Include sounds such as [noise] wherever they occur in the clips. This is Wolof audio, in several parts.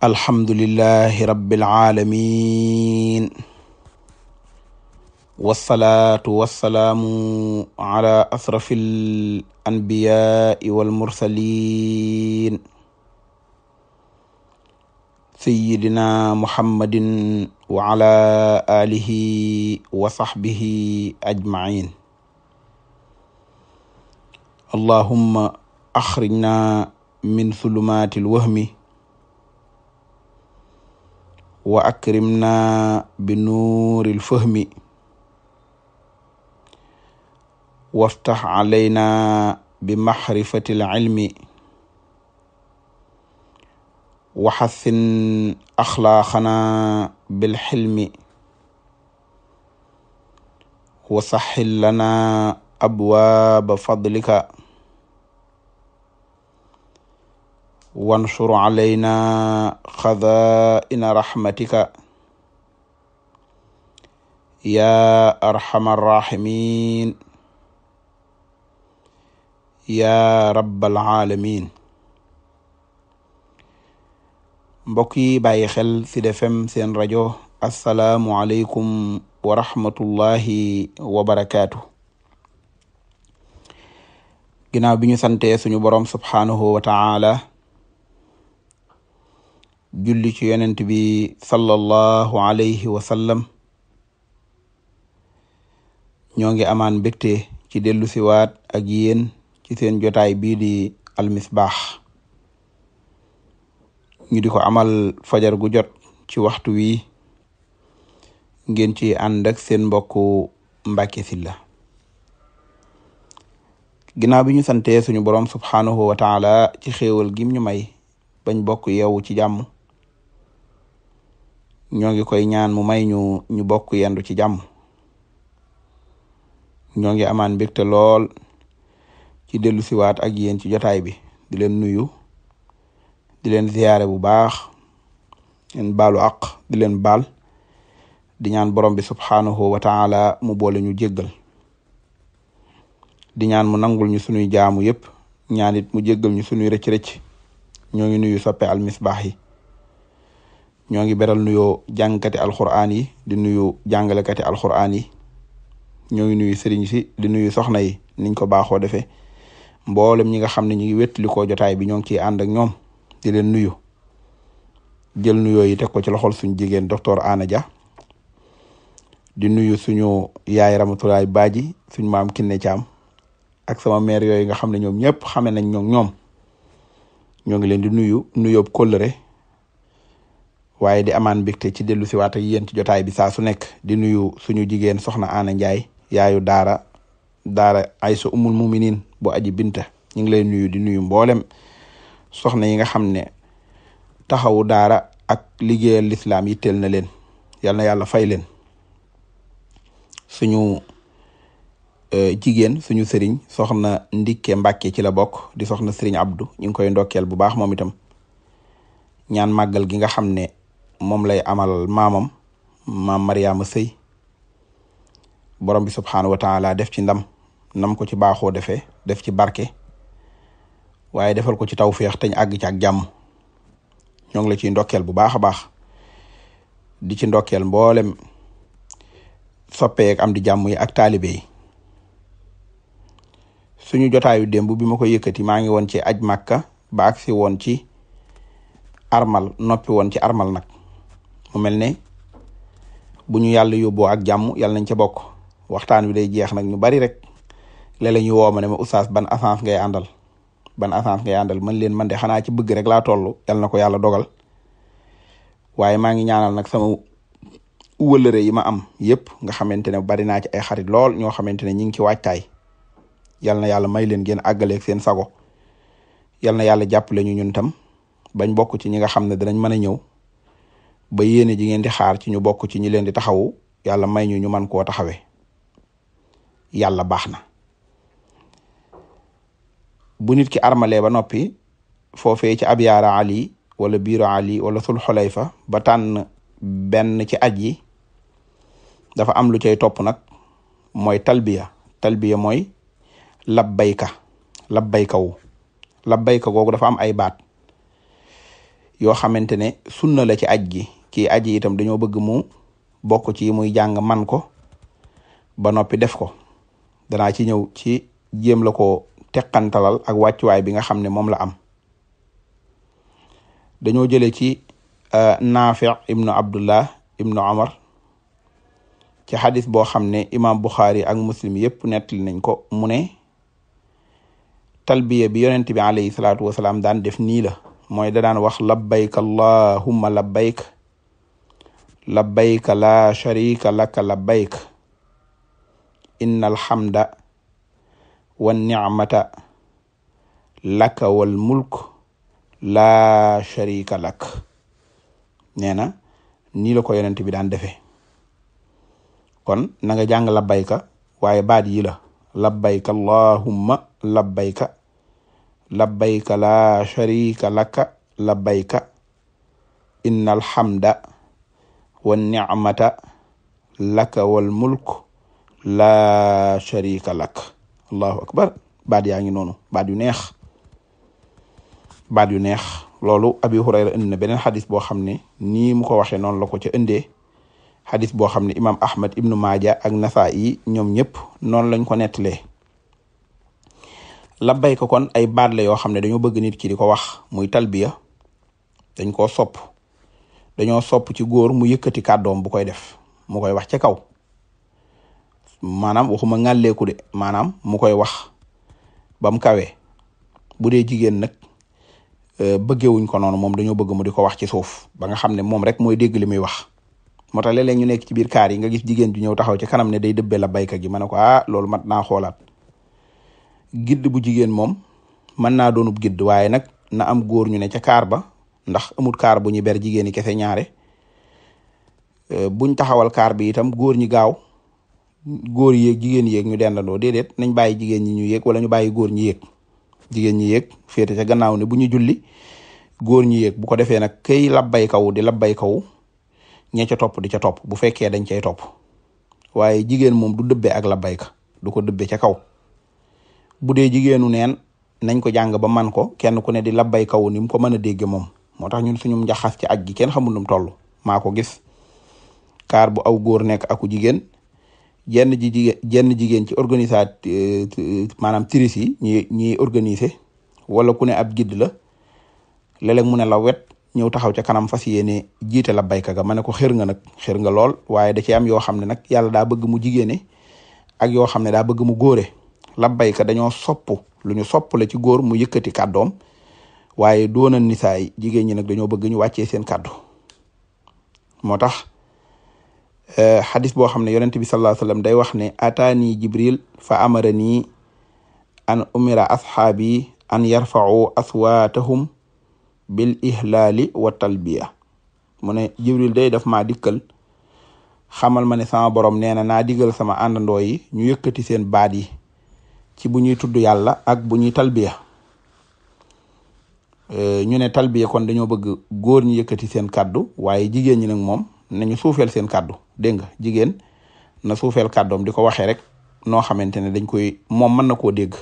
alhamdulillahi rabbil aalamiin wasalaatu wasalaamu ala asrafil anbiyaa'i wal mursaliin sayyidina muhammadin wa ala aalihi akhrijna min sulumaati lwahmi wa akrimna bi nuuril fahmi waftax alayna bi maxrifati alcilmi waxathin axlaaqana bilxilmi wa saxil lana abwaaba fadlika wansur alayna xazaa'ina raxmatika yaa arxama arraximin yaa rabbal alamin mbokk yi bàyyi xel Sud seen rajo assalaamu aleykum wa rahmatullahi wa barakaatu ginnaaw bi ñu santee suñu boroom subhaanahu wa julli ci yonent bi sallallahu alayhi wa sallam ñoo ngi amaan mbégte ci dellu siwaat ak yéen ci seen jotaay bii di almisbaax ñu di ko amal fajar gu jot ci waxtu wi ngeen ci ànd seen mbokku Mbàkke Sylla ginnaaw bi ñu santee suñu borom subhaanahu wa taala ci xéewal gim ñu may bañ bokk yeewu ci jàmm ñoo ngi koy ñaan mu may ñu ñu bokk yendu ci jàmm ñoo ngi amaan mbégte lool ci dellu siwaat ak yéen ci jotaay bi di leen nuyu di leen ziyaare bu baax leen balu àq di leen baal di ñaan borom bi subhaanahu wa taala mu boole ñu jéggal di ñaan mu nangul ñu sunuy jaamu yëpp ñaanit mu jéggal ñu sunuy rëcc-rëcc ñoo ngi nuyu soppe almisbaax yi ñoo ngi beral nuyoo jàngkati alxuraan yi di nuyu jàngalekati alxuraan yi ñoo ngi nuyu sëriñ si di nuyu soxna yi niñ ko baaxoo defee mboolem ñi nga xam ne ñu ngi wétali koo jotaay bi ñoo ngi ciy ànd ak ñoom di leen nuyu jël nuyoo yi teg ko ci loxol suñu jigéen docteur Ana Dia di nuyu suñu yaay Ramatulaay Baaji suñu maam Kiné Thiam ak sama mère yooyu nga xam ne ñoom ñëpp xame nañ ñoom ñoom ñoo ngi leen di nuyu nuyoob kóllëre waaye di amaan mbégte ci dellu siwaat ak yéen ci jotaay bi saa su nekk di nuyu suñu jigéen soxna Ana Ndiaye yaayu daara daara Aysa umul muminin bu ñu ngi lay nuyu di nuyu mboolem soxna yi nga xam ne taxawu daara ak liggéeyal lislaam yitteel na leen yal yàlla fay leen suñu e, jigéen suñu sëriñ soxna Ndikke Mbàkke ci la bokk di soxna sëriñ Abdou ñu ngi koy ndokkel bu baax moom itam ñaan màggal gi nga xam ne moom lay amal maamam maam Mariama Sëy borom bi subxanahu wa taala def ci ndam nam ko ci baaxoo defee def ci barke waaye defal ko ci tawféex te ñu àgg ci ak jàmm ñoo ngi la ciy ndokkeel bu baax a baax di ci ndokkeel mboolem soppeek am di jàmm yi ak taalibe yi suñu jotaayu démb bi ma ko yëkkati maa ngi woon ci aj màkka ba agsi woon ci armal noppi woon ci armal nag. mu mel ne bu ñu yàlla yóbboo ak jàmm yàlla nañ ca bokk waxtaan wi day jeex nag ñu bari rek léeg-léeg ñu woo ma ne ma oustaz ban essence ngay àndal ban essence ngay àndal man leen man de xanaa ci bëgg rek laa toll yàlla na ko yàlla dogal waaye maa ngi ñaanal nag sama wëllëre yi ma am yépp nga xamante ne bari naa ci ay xarit lool ñoo xamante ne ñu ngi ci waajtaay yal na yàlla may leen geen àggaleeg seen sago yal na yàlla jàppale ñu ñun tam bañ bokk ci ñi nga xam ne dinañ mën a ñëw ba yéene ji ngeen di xaar ci ñu bokk ci ñu leen di taxawu yàlla may ñu ñu man koo taxawe yàlla baax na bu nit ki armalee ba noppi foofee ci ab yaara ali wala biiru ali wala sul fa ba tànn benn ci aj yi dafa am lu cay topp nag mooy talbiya talbiya mooy labbayka labbayka wu labbayka googu dafa am ay baat yoo xamante ne sunna la ci aj gi kii aji itam dañoo bëgg mu bokk ci muy jàng man ko ba noppi def ko danaa ci ñëw ci jéem la ko teqantalal ak wàccuwaay bi nga xam ne moom la am dañoo jële ci euh, Naafi ibnu Abdullah ibnu amar ci xadis boo xam ne imaam Buxaari ak muslim yépp nettali nañ ko mu ne talbiya bi ti bi alayhi salaatu wasalaam daan def nii la mooy da daan wax labbayk allahumma labbayk labbayka laa sharika laka labbayk inna alhamda wa nicmata laka wal mulk laa sharika lak nee na nii la ko yonent bi daan defe kon nanga nga jàng labbayka waaye baat yi la labbayka allahumma labbayka labbayka laa sharika laka labbayka inna alhamda wan nicmata laka wal mulk laa sharika lak allahu akbar baat yaa ngi noonu baat yu neex baat yu neex loolu abi hurayra indi na beneen xadis boo xam ne ni mu ko waxee noonu la ko ca indee xadis boo xam ne imaam ahmad ibnu maaja ak nasaa yi ñoom ñëpp noonu lañ ko nettalee labbayka kon ay baat la yoo xam ne dañoo bëgg nit ki di ko wax muy talbiya dañ koo sopp dañoo sopp ci góor mu yëkkati kàddoom bu koy def mu koy wax ca kaw maanaam waxuma ngàlleeku de maanaam mu koy wax ba mu kawee bu dee jigéen nag euh, bëggewuñ ko noonu moom dañoo bëgg mu di ko wax ci suuf ba nga xam ne moom rek mooy dégg li muy wax moo tax léeg ñu nekk ci biir kaar yi nga gis jigéen ju ñëw taxaw ci kanam ne day dëbbee la bayka gi ma ne ko ah loolu mat naa xoolaat gidd bu jigéen moom mën naa doonub gidd waaye nag na am góor ñu ne ca kaar ba ndax amul kaar bu ñu ber jigéen ñi kese ñaare euh, buñ taxawal kaar bi itam góor ñi gaaw góor yéeg jigéen yéeg ñu dendandoo déedéet nañ bàyyi jigéen ñi ñu yéeg wala ñu bàyyi góor ñi yéeg jigéen ñi yéeg féete ca gannaaw ne bu ñu julli góor ñi yéeg bu ko defee nag kay labbay kaw di labbay kaw ña ca topp di ca topp bu fekkee dañ cay topp waaye jigéen moom du dëbbe ak labbay ka du ko dëbbe ca kaw bu dee jigéenu neen nañ ko jàng ba man ko kenn ku ne di labbay kaw ni mu ko mën a dégge moom moo tax ñun suñu njaxas ci aj gi kenn xamu nu mu toll maa ko gis kaar bu aw góor nekk aku jigéen jenn ji jigéen jenn jigéen ci organisat maanaam tiris yi ñi ñiy organiser wala ku ne ab gidd la léeg-léeg mu ne la wet ñëw taxaw ca kanam fas yéene jiite la bayka ga ma ne ko xër nga nag xër nga lool waaye da ci am yoo xam ne nag yàlla daa bëgg mu jigéene ak yoo xam ne daa bëgg mu góore la bayka dañoo sopp lu ñu sopp la ci góor mu yëkkati kàddoom waaye doona nisaay jigéen ñi nag dañoo bëgg ñu wàccee seen kàddu moo tax eh, xadis boo xam ne yonent bi sallallahu alayhi day wax ne ataani jibril fa amara nii an umira asxaabi an yarfa'u aswaatahum bil ihlaali wa talbiya mu ne jibril day daf ma dikkal xamal ma ne sama borom nee na naa digal sama àndandoo yi ñu yëkkati seen baat yi ci bu ñuy tudd yàlla ak bu ñuy talbiya Euh, ñu ne talbiya kon dañoo bëgg góor ñu yëkkati seen kàddu waaye jigéen ñi nag moom nañu suufeel seen kàddu dégg nga jigéen na suufeel kàddoom di ko waxee rek noo xamante ne dañ koy moom mën na koo dégg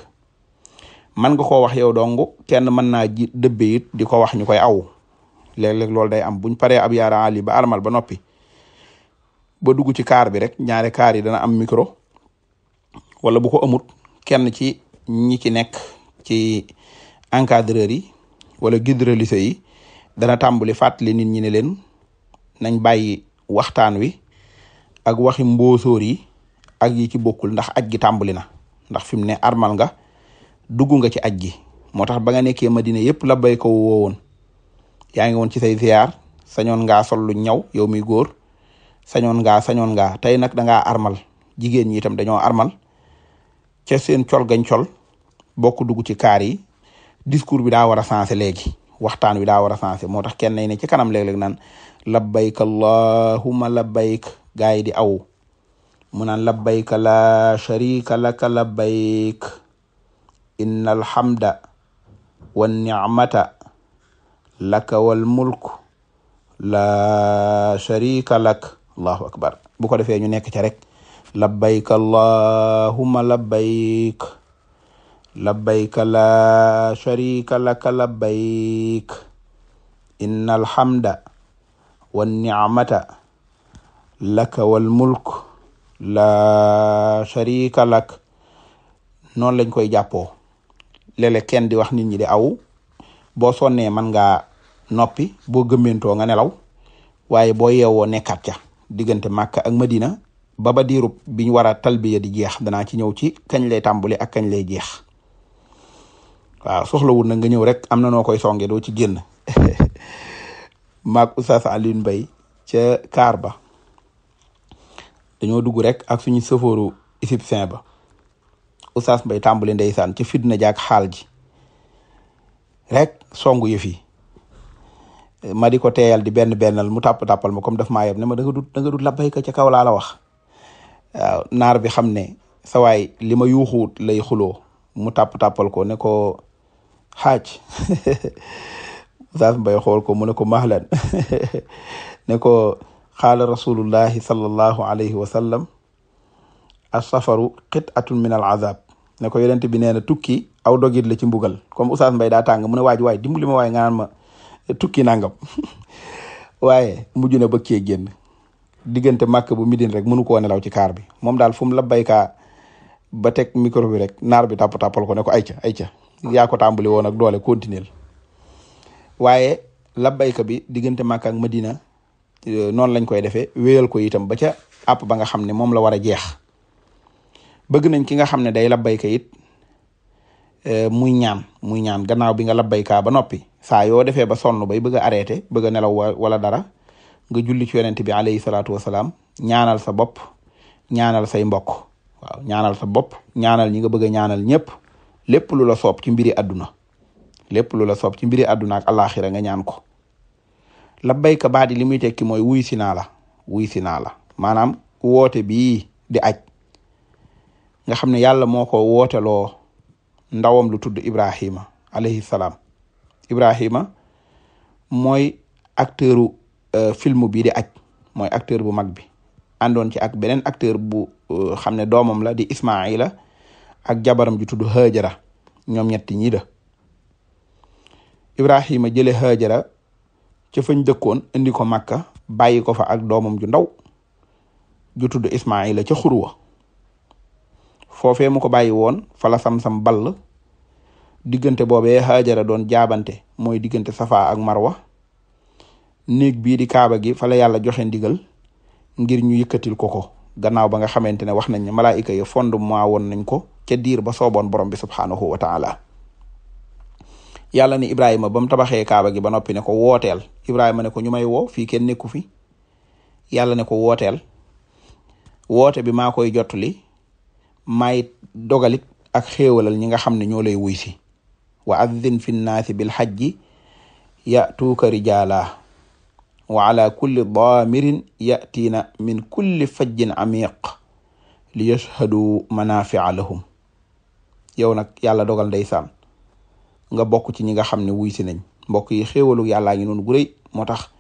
man nga koo wax yow dong kenn mën naa ji dëbbe it di ko wax ñu koy aw léeg-léeg loolu day am buñ paree ab yaara ali ba armal ba noppi ba dugg ci kaar bi rek ñaari kaar yi dana am micro wala bu ko amut kenn ci ñi ci nekk ci encadreur yi wala guide religieux yi dana tàmbali fàttali nit ñi ne leen nañ bàyyi waxtaan wi ak waxi mboosóor yi ak yi ci bokkul ndax aj gi tàmbali na ndax fi mu ne armal nga dugg nga ci aj gi moo tax ba nga nekkee madina yëpp la bay ko woowoon yaa ngi woon ci say ziar sañoon ngaa sol lu ñaw yow mi góor sañoon ngaa sañoon ngaa tey nag dangaa armal jigéen ñi itam dañoo armal ca seen col gañ col bokk dugg ci kaar yi discours bi daa war a sensé léegi waxtaan widaa daa war a moo tax kenn ne ci kanam léeg-léeg naan labbayk allahumma labbayk gaa yi di aw mu naan labbayk la sharika laka labbayk inna alhamda wa ni'mata laka wal mulk la sharika lak allahu akbar bu ko defee ñu nekk ca rek labbayk allahumma labbayk labbayka laa sharika laka labbayk inna alhamda wannicmata laka walmulk laa sharika lak noonu lañ koy jàppoo léeg kenn di wax nit ñi di aw boo sonnee man nga noppi boo gëmmentoo nga nelaw waaye boo yeewoo nekkaat ca diggante Màkka ak Madina ba ba diirub biñ war a talbiya di jeex danaa ci ñëw ci kañ lay tàmbali ak kañ lay jeex waaw soxla soxlawul na nga ñëw rek am na noo koy songee doo ci génn [laughs] maak Oustaz Alioune Mbaye ca kaar ba dañoo dugg rek ak suñu sëfooru égyptien ba Oustaz Mbaye tàmbali ndeysaan ca fitna jaak xaal ji rek songu yëf yi ma di ko teeyal di benn bennal mu tàpp tàppal ma comme daf ma yeb ne ma da nga dut da nga dut ca kaw laa la wax naar bi xam ne sawaay lima li ma lay xuloo mu tàpp tàppal ko ne ko xaaj Oustaz [laughs] Mbaye xool ko mu ne ko mahlan [laughs] ne ko qaala rasulullahi sallallahu alayhi wa sallam as-safaru qit'atun min al-azab ne ko yonent bi nee na tukki aw dogit la ci mbugal comme Oustaz Mbaye daa tàng mu ne waaj waay dimbali ma waaye nga naan ma tukki nangam [laughs] waaye mujj na ba kee génn diggante màkk bu midin rek mënu koo nelaw ci kaar bi moom daal fu mu la baykaa ba teg micro bi rek naar bi tàpp tàppal ko ne ko ayca ayca yaa ko tàmbali woon ak doole continuer waaye labbayka bi diggante Makka ak Madina euh, noonu lañ koy defee wéyal ko itam ba ca àpp ba nga xam ne moom la war a jeex bëgg nañ ki nga xam ne day labbayka it euh, muy ñaan muy ñaan gannaaw bi nga labbaykaa ba noppi saa yoo defee ba sonn bay bëgg a arrêté bëgg a nelaw wala dara nga julli ci yonent bi alayhi salaatu wasalaam ñaanal sa bopp ñaanal say mbokk waaw ñaanal sa bopp ñaanal ñi nga bëgg ñaanal ñëpp lépp lu la soop ci mbiri àdduna lépp lu la soob ci mbiri àdduna ak nga ñaan ko labbayka baadi li muy tekki mooy wuy si naa la wuy naa la maanaam woote bii di aj nga xam ne yàlla moo ko wooteloo ndawam lu tudd Ibrahima alayhi salaam Ibrahima mooy acteur u euh, film bii di aj mooy acteur bu mag bi àndoon ci ak beneen acteur bu euh, xam ne doomam la di Ismaila ak jabaram ju tudd ñoom ñetti ñii da Ibrahima jële Haajara ca fañ dëkkoon indi ko Makka bàyyi ko fa ak doomam ju ndaw ju tudd Ismaila ca xurwa foofe mu ko bàyyi woon fala sam-sam ball diggante boobee Haajara doon jaabante mooy diggante Safa ak Marwa néeg bii di Kaaba gi fala yàlla joxe ndigal ngir ñu yëkkatil ko ko gannaaw ba nga xamante ne wax nañ ne malaayika yi fondement woon nañ ko ca diir ba sooboon borom bi subhaanahu wa taala yàlla ni Ibrahima ba mu tabaxee kaaba gi ba noppi ne ko wooteel Ibrahima ne ko ñu may woo fii kenn nekku fi yàlla ne ko wooteel woote bi maa koy jottali may dogalit ak xéewalal ñi nga xam ne ñoo lay wuy si wa addin fi nnaasi bil xajji yatuuka rijaala wa ala kulli daamirin yatiina min kulli fajjin amiq li yashhadu manafia lahum yow nag yàlla dogal saan nga bokk ci ñi nga xam ne wuy si nañ mbokk yi xéewalu yàllaa ngi noonu gu moo tax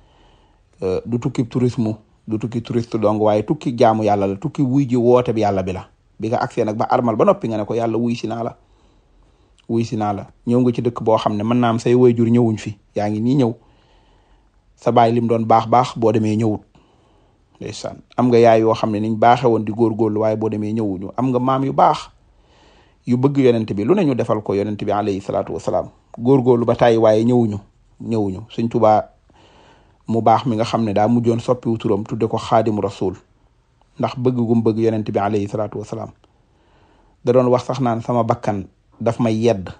euh, du tukki tourisme du tukki touriste dong waaye tukki jaamu yàlla la tukki wuy ji woote bi yàlla bi la bi nga agsee nag ba armal ba noppi nga ne ko yàlla wuy si naa la wuy si naa la ñëw nga ci dëkk boo xam ne mën naa am say wayjur ñëwuñ fi yaa ngi nii ñëw sa baay lim doon baax baax boo demee ñëwut ndeysaan am nga yaay yoo xam ne niñ baaxee woon di góorgóorlu waaye boo demee ñëwuñu am maam yu baax yu bëgg yonent bi lu na ñu defal ko yonent bi alayhi salaatu wasalaam góorgóorlu ba tàyyi waaye ñëwuñu ñëwuñu sëñ Tuubaa mu baax mi nga xam ne daa mujjoon soppiwu turam tudde ko xaadimu rasul ndax bëgg gum bëgg yonent bi alayhi salaatu wasalaam da wax sax naan sama bakkan daf may yedd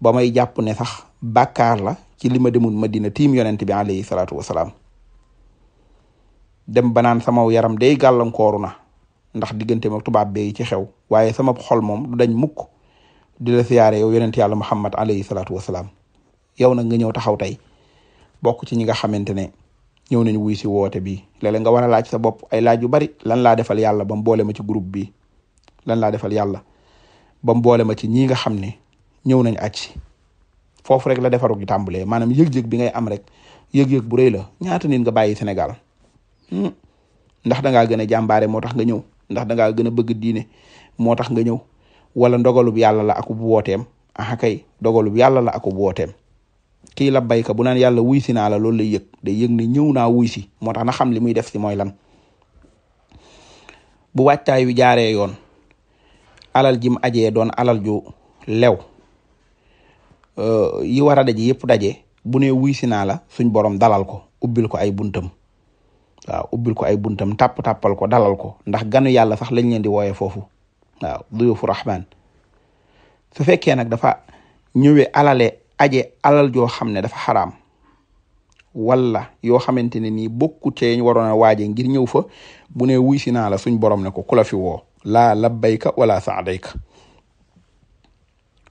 ba may jàpp ne sax bàkkaar la ci li ma demul Madina tiim yonent bi alayhi salaatu wasalaam dem ba naan sama yaram dey gàllankooru na ndax digganteem ak tubaab bee ci xew waaye sama xol moom du dañ mukk di la siyaare yow yonent yàlla muhammad alayhi salaatu wasalaam yow nag nga ñëw taxaw tey bokk ci ñi nga xamante ne ñëw nañ wuy si woote bi léeg-léeg nga war a laaj sa bopp ay laaj yu bari lan laa defal yàlla ba mu boole ci groupe bi lan laa defal yàlla ba mu boole ma ci ñi nga xam ne ñëw nañ àcc foofu rek la defaru gi tàmbalee maanaam yëg-yëg bi ngay am rek yëg bu rëy la ñaata nit nga bàyyi senegal hmm. ndax dangaa gën a jàmbaare moo tax nga ñëw ndax dangaa gën a bëgg diine moo tax nga ñëw wala ndogalub yàlla la akub wooteem aha kay dogalub yàlla la akub wooteem kii la bayka bu naan yàlla wuy si naa la loolu lay yëg day yëg ne ñëw naa wuy si moo tax na xam li muy def si mooy lan bu wàccaay wi jaaree yoon alal jim aje doon alal ju lew euh, yi war a daje yëpp daje bu ne wuy si naa la suñ borom dalal ko ubbil ko ay buntam waaw ubbil ko ay buntam tàpp tàppal ko dalal ko ndax ganu yàlla sax lañ leen di wooyee foofu waaw rahman su fekkee nag dafa ñëwee alale aje alal joo xam ne dafa xaraam wala yoo xamante ne nii bokku teeñ waroon a waaje ngir ñëw fa bu ne wuy si naa la suñ borom ne ko ku la fi woo laa labbayka wala saadayka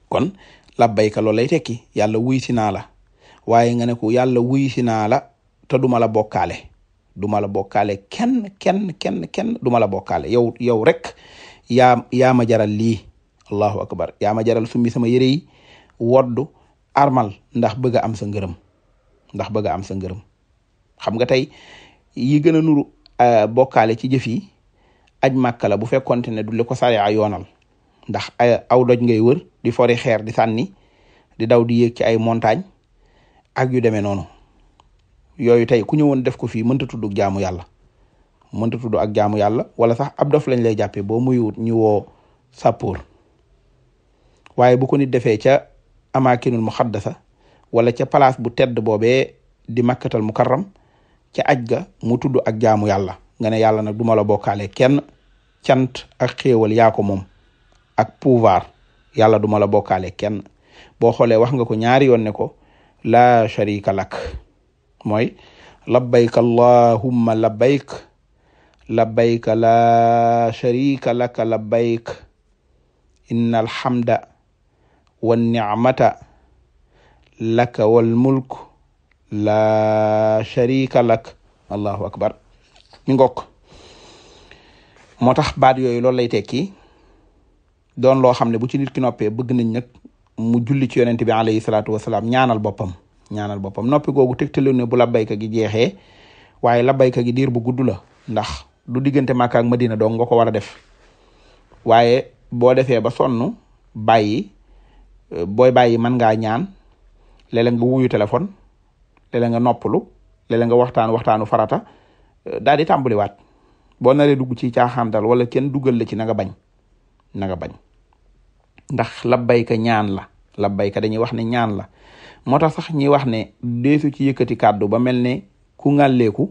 kon labbayka loolu lay tekki yàlla wuy si naa la waaye nga ne ko yàlla wuy si naa la te duma la bokkaale du ma la bokkaale kenn kenn kenn kenn du ma la bokkaale yow yow rek yaa yaa ma jaral lii allahu akbar yaa ma jaral summi sama yére yi woddu armal ndax bëgg a am sa ngërëm ndax bëgg a am sa ngërëm xam nga tey yi gën a nuru euh, bokkaale ci jëf yi aj màkka bu fekkonte ne du li ko sariya yoonal ndax aw doj ngay wër di fori xeer di sànni di daw di yéeg ci ay montagne ak yu demee noonu yooyu tey ku ñëwoon def ko fii mënta tudd jaamu yàlla mënta tudd ak jaamu yàlla wala sax ab dof lañ lay jàppee boo muyut ñu woo sàppoor waaye bu ko nit defee ca amaakinul muxaddasa wala ca place bu tedd boobee di makkatal mukarram ca aj ga mu tudd ak jaamu yàlla nga ne yàlla na duma la bokkaale kenn cant ak xéewal yaa ko moom ak pouvoir yàlla duma la bokkaale kenn boo xoolee wax nga ko ñaari yoon ne ko laa sharika lak mooy labbayka allahumma labbayk labbayka laa sharika laka labbayk inna alhamda wannicmata laka walmulk laa sharika lak allahu akbar mi ngokk mo tax baat yooyu loolu lay tekki doon loo xam ne bu ci nit ki noppee bëgg nañ nag mu julli ci yonent bi alayhi salaatu wasalaam ñaanal boppam ñaanal boppam noppi googu tegtale ne bu labbayka gi jeexee waaye labbayka gi diir bu gudd la ndax du diggante Makka ak Madina dong nga ko war a def waaye boo defee ba sonn bàyyi euh, booy bàyyi man ngaa ñaan léeg bu wuyu téléphone léeg-léeg nga noppalu léeg nga waxtaan waxtaanu farata euh, daal di tàmbaliwaat boo naree dugg ci caaxaan dal wala kenn dugal la ci nanga bañ na bañ ndax labbayka ñaan la labbayka dañuy wax ne ñaan la moo tax sax ñi wax ne deesu ci yëkkati kàddu ba mel ne ku ngàlleeku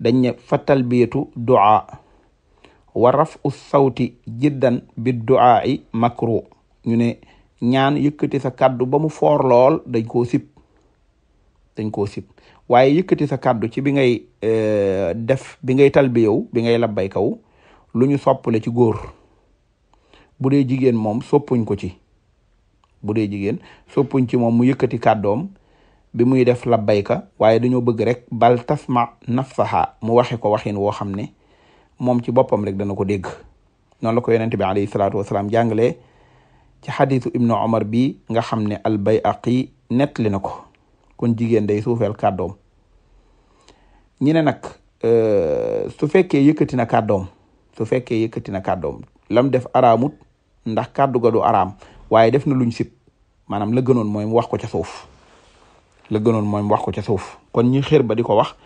dañ ne fa talbiyatu duaa wa rafu sawti jiddan bi duaa i makru ñu ne ñaan yëkkati sa kàddu ba mu foor lool dañ koo sip dañ koo sib waaye yëkkati sa kàddu ci bi ngay eh, def bi ngay talbiyow bi ngay labbay kaw luñu soppule ci góor bu dee jigéen moom soppuñ ko ci bu dee jigéen soppuñ ci moom mu yëkkati kàddoom bi muy def labbayka waaye dañoo bëgg rek bal tasma nafsaha mu waxe ko waxin woo xam ne moom ci boppam rek dana ko dégg noonu la ko yonente bi alayhi salaatu wasalaam jàngalee ci xadiisu ibnu omar bi nga xam ne al bayaqi nettali na ko kon jigéen day suufeel kàddoom ñi ne nag euh, su fekkee yëkkati na kàddoom su fekkee yëkkati na kàddoom lam def aramut ndax kàddu ga du araam waaye def na luñ sib maanaam la gënoon mooy mu wax ko ca suuf la gënoon mooy wax ko ca suuf kon ñi xër ba di ko wax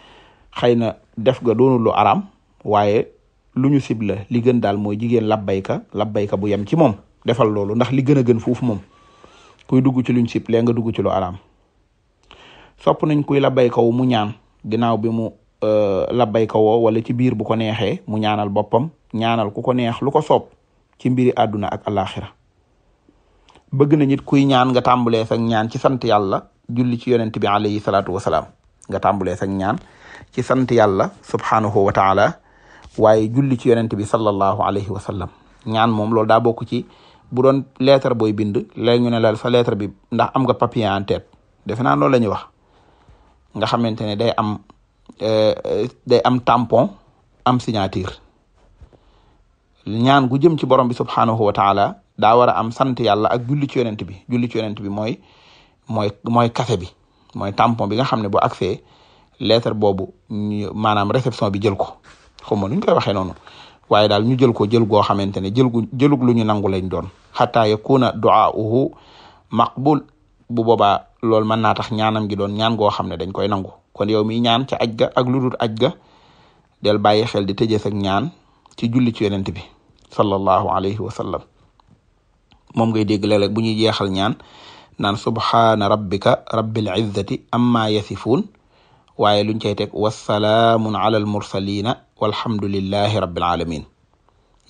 xëy na def nga doonul lu araam waaye lu ñu sib la li gën daal mooy jigéen labbayka labbayka bu yem ci moom defal loolu ndax li gën a gën foofu moom kuy dugg ci luñ sib lee nga dugg ci lu araam sopp nañ kuy labbayka wu mu ñaan ginnaaw bi mu euh, labbayka woo wala ci biir bu ko neexee mu ñaanal boppam ñaanal ku ko neex lu ko soob ci mbiri àdduna ak àllaaxira bëgg na nit kuy ñaan nga tàmbulee sag ñaan ci sant yàlla julli ci yonent bi alayhi salaatu wasalaam nga tàmbulee sag ñaan ci sant yàlla subhaanahu wa taala waaye julli ci yonent bi sallallahu alayhi wa sallam ñaan moom loolu daa bokk ci bu doon lettre booy bind léegi ñu sa lettre bi ndax am nga papier defe naa loolu la ñuy wax nga xamante ne day am euh, day am tampon am signature ñaan gu jëm ci borom bi subhaanahu wa taala daa war a am sant yàlla ak julli ci yonent bi julli ci yonent bi mooy mooy mooy café bi mooy tampon bi nga xam ne bu accès lettre boobu maanaam réception bi jël ko xaw ma nu ñu koy waxee noonu waaye daal ñu jël ko jël goo xamante ne jël gu jëlug lu ñu nangu lañ doon xataa yakuna du'aa'uhu maqbul bu boobaa loolu mën naa tax ñaanam gi doon ñaan goo xam ne dañ koy nangu kon yow mi ñaan ca aj ga ak lu dul aj ga del bàyyi xel di tëjee ak ñaan ci julli ci yonent bi sallallahu alayhi wa sallam moom ngay dégg léeg-léeg bu ñuy jeexal ñaan naan subhaana rabbika rabbil izzati amma yasifuun waaye luñ cay teg wasalaamun ala al mursalina walhamdulillahi rabbil alamin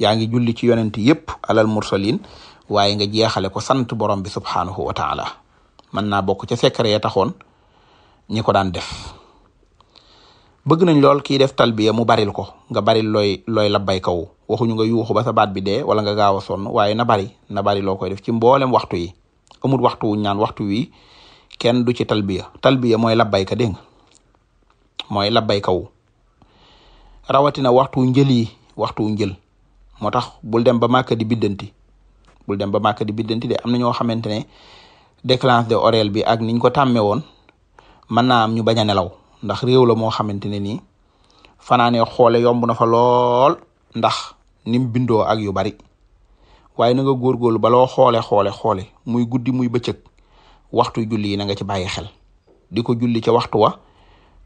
yaa ngi julli ci yonent yépp alal mursalin waaye nga jeexale ko sant borom bi subhaanahu wa taala mën naa bokk ca secret ya taxoon ko daan def bëgg nañ lool kii def talbiya mu baril ko nga baril looy looy labbay kaw waxuñu nga yuuxu ba sa baat bi dee wala nga gaaw a sonn waaye na bari na bari loo koy def ci mboolem waxtu yi amul waxtu wuñ naan waxtu wi kenn du ci talbiya talbiya mooy labbayka dégg nga mooy labbay kaw rawatina waxtu njël yi waxtu njël moo tax bul dem ba màkk di biddanti bul dem ba màkk di biddanti de am na ñoo xamante ne déclenche de oreille bi ak niñ ko tàmmee woon mën naa am ñu bañ a nelaw ndax réew la moo xamante ne nii fanaanee xoole yomb na fa lool ndax nim bindoo ak yu bari waaye na nga góorgóorlu baloo xoole xoole xoole muy guddi muy ba bëccëg waxtu julli yi na nga ci bàyyi xel di ko julli ca waxtu wa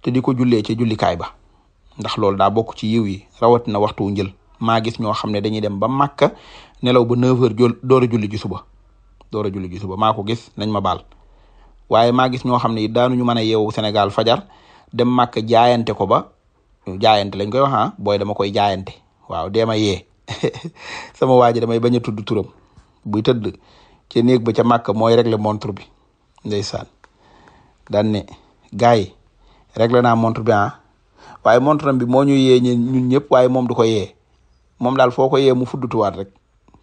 te di ko jullee ca jullikaay ba ndax loolu daa bokk ci yiw yi na waxtu wu njël maa gis ñoo xam ne dañuy dem ba Màkka nelaw ba 9h door a julli ji suba door a julli maa ko gis nañ ma baal waaye maa gis ñoo xam ne it daanuñu mën a yeewu senegal fajar dem màkk jaayante ko ba jaayante lañ koy wax ah booy dama koy jaayante waaw deema yee [laughs] sama waa ji damay bañ a tudd turam buy tëdd ci néeg ba ca màkk mooy réglé montre bi ndeysaan daan ne gars yi réglé naa montre bi ah waaye montre bi moo ñu yee ñun ñëpp waaye moom du ko yee moom daal foo ko yee mu fuddutuwaat rek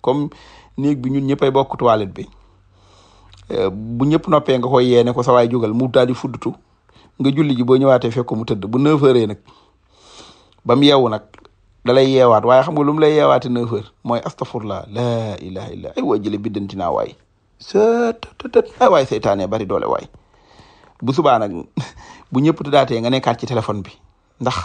comme néeg bi ñun ñëppay bokk toilette bi euh, bu ñëpp noppee nga koy yee ko sa waay jógal mu daal di fuddutu nga julli ji boo ñëwaatee fekk mu tëdd bu neuf heures nag ba mu yeewu nag da lay yeewaat waaye xam nga lu mu lay yeewaatee neuf mooy astafurlah laa ilaha illa ay waa jële biddanti naa waay sët seytaane bari doole waay bu subaa nag [laughs] bu ñëpp tëddaatee nga nekkaat ci téléphone bi ndax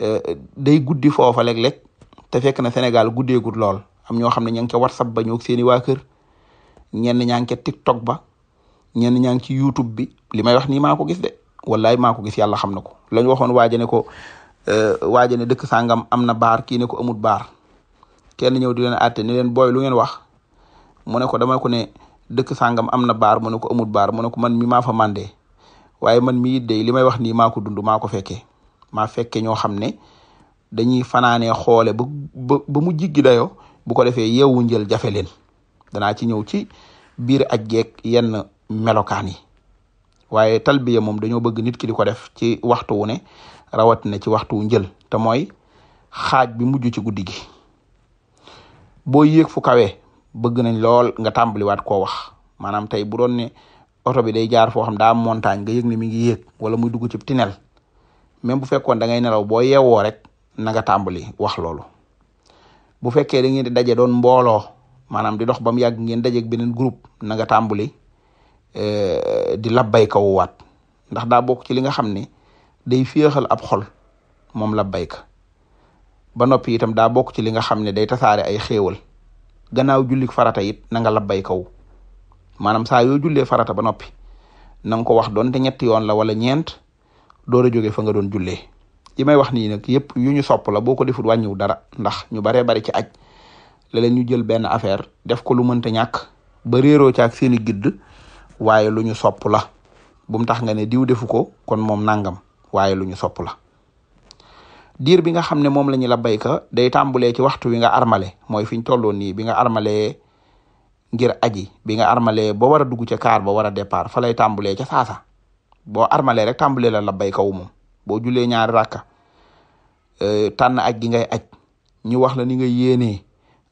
euh, day guddi foofa léeg-léeg te fekk na senegal guddee guddeegut lool am ñoo xam ne ña ngi ca WhatsApp ba ñoo seeni waa kër ñenn ñaa ngi ca ba ñenn ñaa ngi ci YouTube bi li may wax nii maa gis de wallaay maa ko gis yàlla xam na ko lañ waxoon waaje ne ko euh, waaje ne dëkk sàngam am na baar kii ko amut baar kenn ñëw di leen àtte ni leen booy lu ngeen wax mu ne ko dama ko ne dëkk sàngam am na baar mu ne ko amut baar mu ne ko man mi maa fa mandee waaye man mi it de li may wax nii maa ko dund maa ko fekkee maa fekkee ñoo xam ne dañuy fanaane xoole ba ba ba mu jiggi dayoo bu ko defee yeewu njël jafe leen danaa ci ñëw ci biir aj geeg yenn melokaan yi waaye talbiya moom dañoo bëgg nit ki di ko def ci waxtu wu ne rawatina ci waxtu wu njël te mooy xaaj bi mujj ci guddi gi boo yéeg fu kawee bëgg nañ lool nga tàmbaliwaat koo wax maanaam tey bu doon ne oto bi day jaar foo xam daa montagne nga yëg ni mi ngi yéeg wala muy dugg ci tunnel même bu fekkoon da ngay nelaw boo yeewoo rek na nga tàmbali wax loolu bu fekkee da ngeen di daje doon mbooloo maanaam di dox ba mu yàgg ngeen dajeeg beneen groupe na nga tàmbali Eh, di labbay kaw waat ndax daa bokk ci li nga xam ne day féexal ab xol moom labbay ka ba noppi itam daa bokk ci li nga xam ne day tasaare ay xéewal gannaaw jullik farata it nanga nga labbay kaw maanaam saa yoo julee farata ba noppi na ko wax doonte ñetti yoon la wala ñeent door a jóge fa nga doon jullee yi may wax nii nag yëpp yu ñu sopp la boo ko defut wàññiw dara ndax ñu baree bari ci aj la ñu jël benn affaire def ko lu mënta ñàkk ba réeroo ci ak seeni gidd waaye lu ñu sopp la bu mu tax nga ne diw defu ko kon moom nangam waaye lu ñu sopp la diir bi nga xam ne moom la ñu la bayka day tàmbulee ci waxtu wi nga armale mooy fi ñu tolloon nii bi nga armalee ngir aji bi nga armalee ba war a dugg ca kaar ba war a départ fa lay tàmbulee ca saasa boo armalee rek tàmbulee la la bayka wu moom boo julee ñaari rakka euh, tànn aj gi ngay aj ñu wax la ni nga yéenee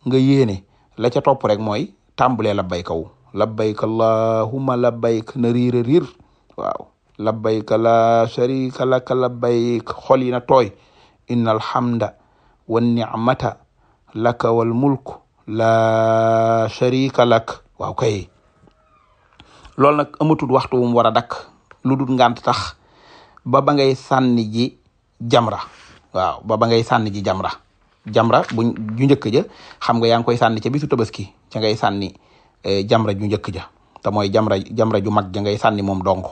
nga yéene la ca topp rek mooy tàmbulee la bayka labbayk allahumma labbayk na riir a riir waaw la sharika laka labbayk xol yi na tooy inna alhamda wa nicmata laka wal la sharika lak waaw kay loolu nag amatul waxtu wum war a dakk lu dul ngant tax ba ba ngay sànni ji jamra waaw ba ba ngay sànni ji jamra jamra bu ju njëkk ja xam nga yaa ngi koy sànni ca bisu tabaski ca ngay sànni Eh, jamra ju njëkk ja te mooy jamra ju mag ja ngay sànni moom dong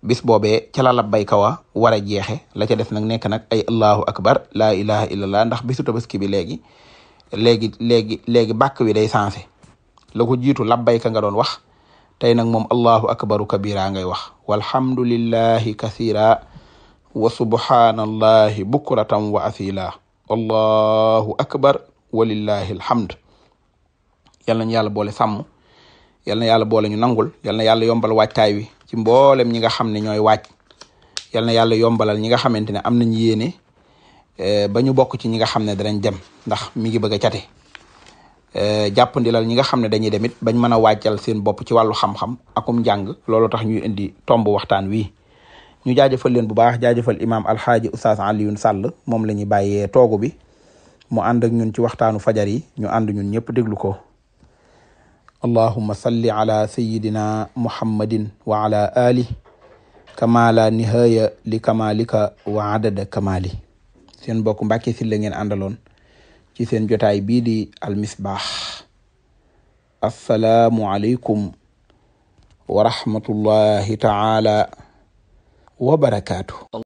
bis boobee ca la labbayka wa war a jeexe la ca def nag nekk nag ay allahu akbar laa ilaha illallah ndax bisu tabaski bi léegi léegi léegi léegi bàkk wi day sensé la ko jiitu labbayka nga doon wax tey nag moom allahu akbaru kabira ngay wax walhamdulillahi kasira wa subhanallahi bukratan wa asila allahu akbar walillahi alhamd yal nañu yàlla boole sàmm yal na yàlla boole ñu nangul yal na yàlla yombal waajtaay wi ci mboolem ñi nga xam ne ñooy waaj yal na yàlla yombalal ñi nga xamante ne am nañu yéene eh, ba ñu bokk ci ñi nga xam ne danañ dem ndax mi ngi bëgg a cate eh, jàppandilal ñi nga xam ne dañuy dem bañ mën a waajal seen bopp ci wàllu xam-xam akum njàng loolu tax ñuy indi tomb waxtaan wi ñu jaajëfal leen bu baax jaajëfal imaam alxaaji oustaz Alioune Sall moom la ñuy bàyyee toogu bi mu ànd ak ñun ci waxtaanu fajar yi ñu ànd ñun ñëpp déglu ko allahuma salli ala sayidina muhammadin wa ali kama nihaya li wa adada kamali seen bokk Mbàkke Sylla ngeen àndaloon ci seen jotaay bii di almisbaax assalaamu taala wa